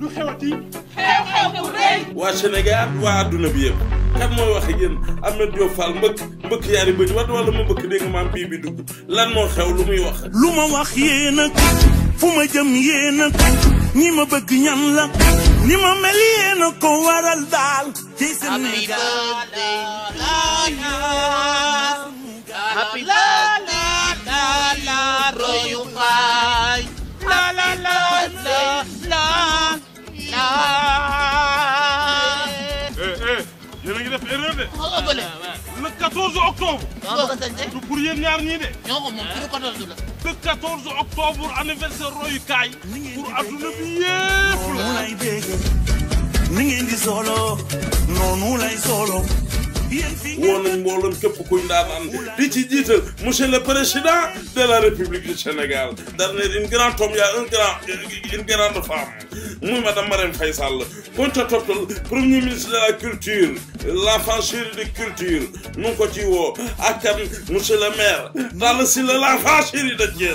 lu xewati xew-xew bu rëy waa Sénégal waa adduna bi yëpp kan mooy wax ak yéen Ameth Diop mbëkk mbëkk yaari bëri wala wala ma mbëkk dégg maam bii bi dugg lan moo xew lu muy wax lu ma wax yéen a fu ma jëm yéen a ñi ma bëgg ñan la ni ma mel yéen ko waral daal ci Sénégal le 14 octobre. Vous pourriez venir Le 14 octobre, anniversaire Roy Kai. Pour Abdoulé Bien. woo nañ mbooloom képp kuy ndaanaan di ci jiital monsieur le président de la république du Sénégal dara ne une homme y a un grand une femme muy madame Marème Faye Sall kon ca toppal premier ministre de la culture l'enfant de culture nu ngi ko ci woo ak kan monsieur le maire Talla Sylla l'enfant chéri de Thiès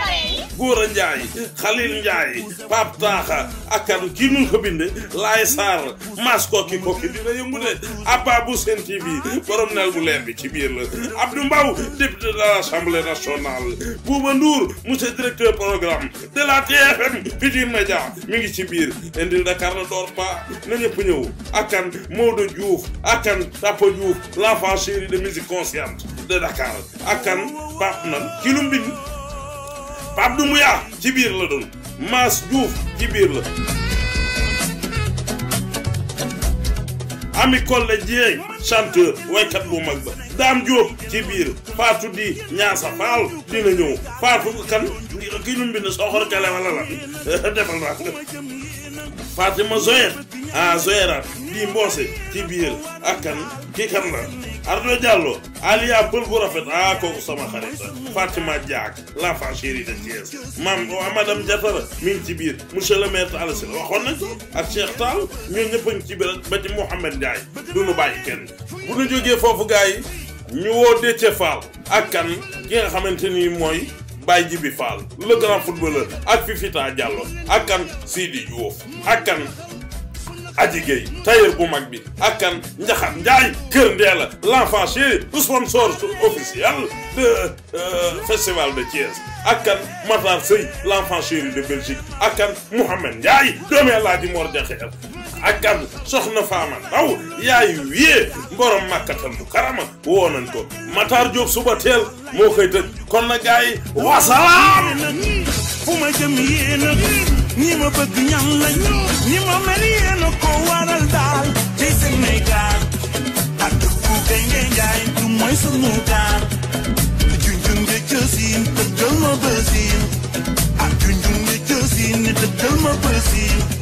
Góora Njaay Xalil Njaay Pape Taaxa ak kàddu kii nu ko bindee Laay Sarr Mass Kokki Kokki dina yëngu de Abba bu Sen TV borom bu leer bi ci biir la Abdou Mbaw député de l'Assemblée nationale Bouba Ndour monsieur directeur programme de la TFM Futurs Médias mi ngi ci biir indil Dakar na door ba na ñëpp ñëw akan Maodo Diouf akan Papa Diouf l'enfant chéri de musique consciente de Dakar akan baax na ci lu Pape Doumbouya ci biir la doon Mass Diouf ci biir la Ami Collé Dieng chanteur waykat bu mag ba Dame Diop ci biir Fatou di Niassa Fall dina ñëw Fatou kan kii nu mu bind soxor kale wala la defal naa Fatima Zoyer ah Zoyera di mboose ci biir ak kan kii kan la Ardo Diallo Aliya pël bu rafet ah kooku sama xarit Fatima Diak l'enfant chéri a Thiès maam madame Diatara mi ngi ci biir monsieur le maire Alassane waxoon nañ ko ak Cheikh Tall ñoo ñëpp ci biir ba ci Mouhamed Ndiaye du nu bàyyi kenn bu nu jógee foofu gars ñu woo Déthié Fall ak kan ki nga xamante ni mooy. Baye Djibi Fall le grand footballeur ak Fifita Diallo ak kan Sidi Diouf ak kan Adji Gueye tailleur bu mag bi ak kan Njaxat Njaay Kër Ndeela l'enfant chéri sponsor officiel de euh, festival de Thiès ak Matar Sey l'enfant chéri de Belgique ak kan Mouhamed Ndiaye doomi Alaaji Mor Jaxeer ak kan soxna Faama Ndaw yaay wiyee mborom màkkatal mu karama woo Matar Diop suba teel moo koy tëj kon na gars yi wasalaam fu ma jëm yéena ñi ma bëgg ñan lañ mutar Junjungde gözün tıkılma bözün Junjungde gözün tıkılma bözün